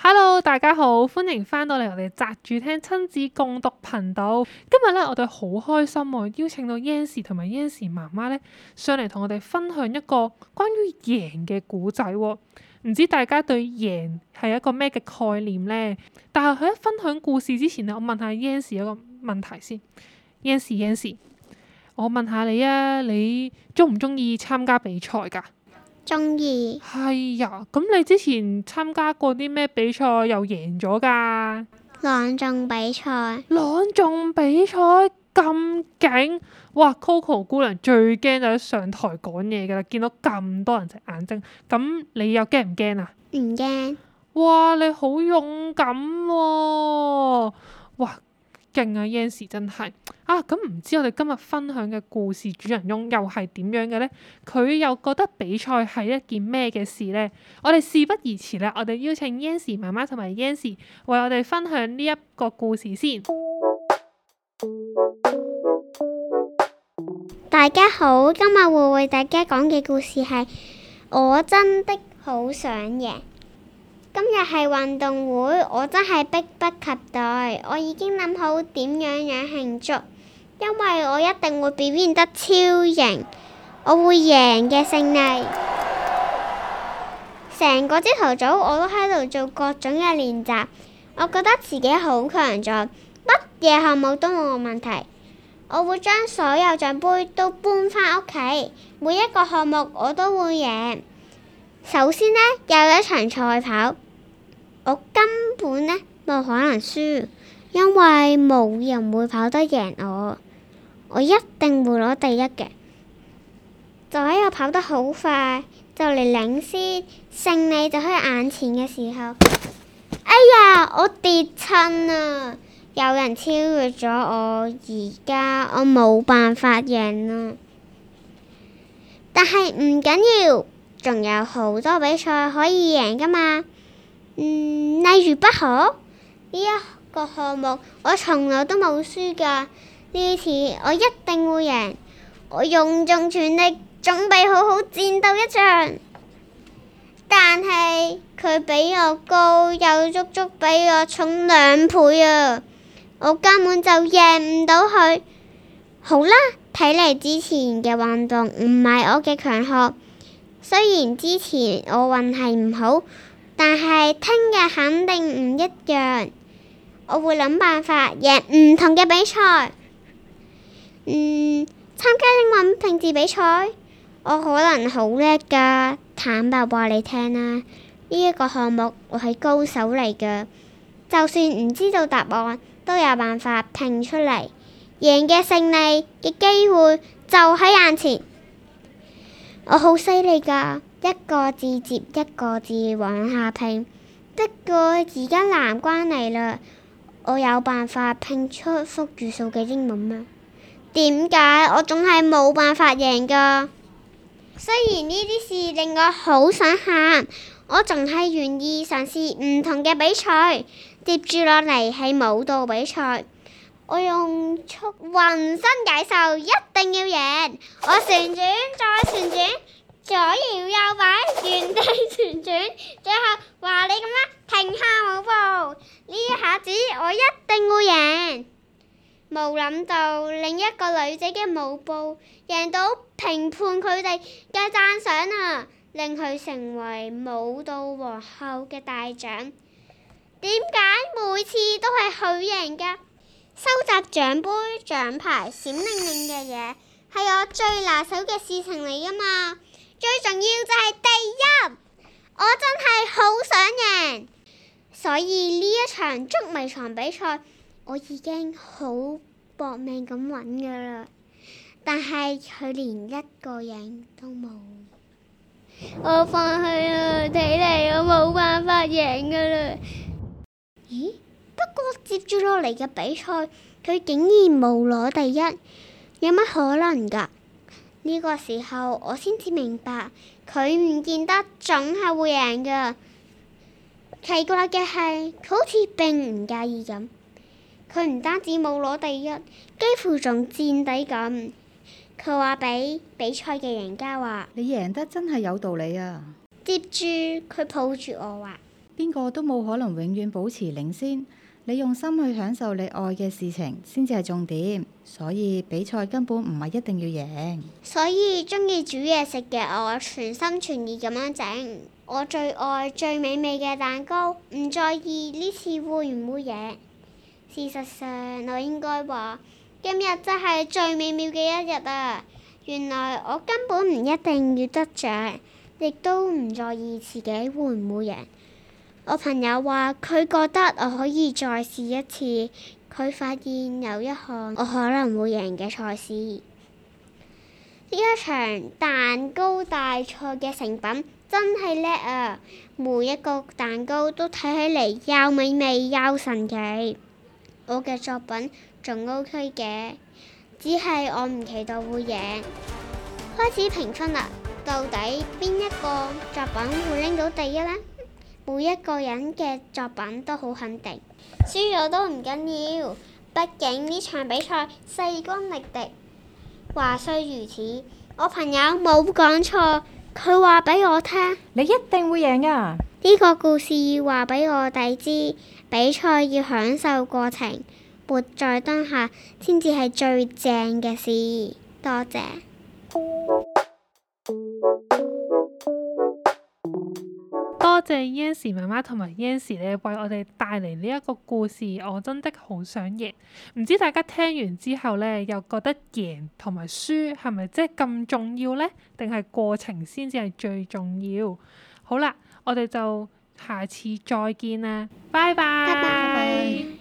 Hello，大家好，歡迎翻到嚟我哋宅住聽親子共讀頻道。今日咧，我哋好開心、啊、邀請到 Yancy 同埋 Yancy 媽媽咧上嚟同我哋分享一個關於贏嘅故仔、啊。唔知大家對贏係一個咩嘅概念咧？但係喺分享故事之前咧，我問下 Yancy 一個問題先。Yancy，Yancy，我問下你啊，你中唔中意參加比賽噶？中意。係啊。咁、哎、你之前參加過啲咩比賽又贏咗噶？朗誦比賽。朗誦比賽咁勁，哇！Coco 姑娘最驚就喺上台講嘢噶啦，見到咁多人隻眼睛，咁你又驚唔驚啊？唔驚怕。哇！你好勇敢喎、哦，哇！勁啊！Yancy 真係啊，咁、嗯、唔知我哋今日分享嘅故事主人翁又係點樣嘅呢？佢又覺得比賽係一件咩嘅事呢？我哋事不宜遲啦，我哋邀請 Yancy 媽媽同埋 Yancy 為我哋分享呢一個故事先。大家好，今日會為大家講嘅故事係，我真的好想贏。今日係運動會，我真係迫不及待。我已經諗好點樣樣慶祝，因為我一定會表現得超型，我會贏嘅勝利。成 個朝頭早我都喺度做各種嘅練習，我覺得自己好強壯，乜嘢項目都冇問題。我會將所有獎杯都搬翻屋企，每一個項目我都會贏。首先呢，有一場賽跑。我根本呢冇可能輸，因為冇人會跑得贏我，我一定會攞第一嘅。就喺我跑得好快，就嚟領先勝利就喺眼前嘅時候，哎呀，我跌親啊，有人超越咗我，而家我冇辦法贏啊，但係唔緊要，仲有好多比賽可以贏噶嘛。嗯，例如拔河，呢一個項目，我從來都冇輸㗎，呢次我一定會贏，我用盡全力準備好好戰鬥一場。但係佢比我高，又足足比我重兩倍啊！我根本就贏唔到佢。好啦，睇嚟之前嘅運動唔係我嘅強項，雖然之前我運氣唔好。但係聽日肯定唔一樣，我會諗辦法贏唔同嘅比賽。嗯，參加英文拼字比賽，我可能好叻㗎。坦白話你聽啦，呢、這、一個項目我係高手嚟㗎。就算唔知道答案，都有辦法拼出嚟，贏嘅勝利嘅機會就喺眼前。我好犀利噶，一個字接一個字往下拼，不過而家難關嚟啦，我有辦法拼出複數嘅英文咩？點解我仲係冇辦法贏㗎？雖然呢啲事令我好想喊，我仲係願意嘗試唔同嘅比賽。接住落嚟係舞蹈比賽。我用出渾身解數，一定要贏！我旋轉再旋轉，左搖右擺，原地旋轉，最後話你咁啦，停下舞步！呢下子我一定會贏！冇諗到另一個女仔嘅舞步贏到評判佢哋嘅讚賞啊，令佢成為舞蹈皇后嘅大獎。點解每次都係佢贏㗎？收集獎杯、獎牌、閃靈靈嘅嘢，係我最拿手嘅事情嚟噶嘛！最重要就係第一，我真係好想贏，所以呢一場捉迷藏比賽，我已經好搏命咁揾噶啦，但係佢連一個影都冇。我放棄啦。睇嚟，我冇辦法贏噶啦。咦？接住落嚟嘅比賽，佢竟然冇攞第一，有乜可能噶？呢個時候我先至明白，佢唔見得總係會贏噶。奇怪嘅係，佢好似並唔介意咁。佢唔單止冇攞第一，幾乎仲墊底咁。佢話俾比賽嘅人家話：你贏得真係有道理啊！接住佢抱住我話：邊個都冇可能永遠保持領先。你用心去享受你愛嘅事情，先至係重點。所以比賽根本唔係一定要贏。所以鍾意煮嘢食嘅我，全心全意咁樣整。我最愛最美味嘅蛋糕，唔在意呢次會唔會贏。事實上，我應該話，今日真係最美妙嘅一日啊！原來我根本唔一定要得獎，亦都唔在意自己會唔會贏。我朋友話：佢覺得我可以再試一次，佢發現有一項我可能會贏嘅賽事。呢一場蛋糕大賽嘅成品真係叻啊！每一個蛋糕都睇起嚟又美味又神奇。我嘅作品仲 OK 嘅，只係我唔期待會贏。開始評分啦！到底邊一個作品會拎到第一呢？每一個人嘅作品都好肯定，輸咗都唔緊要，畢竟呢場比賽勢均力敵。話雖如此，我朋友冇講錯，佢話俾我聽，你一定會贏㗎啊。呢個故事話俾我哋知，比賽要享受過程，活在當下先至係最正嘅事。多謝。 多謝 Yancy 媽媽同埋 Yancy，你為我哋帶嚟呢一個故事，我真的好想贏。唔知大家聽完之後咧，又覺得贏同埋輸係咪即係咁重要咧？定係過程先至係最重要？好啦，我哋就下次再見啦，拜拜。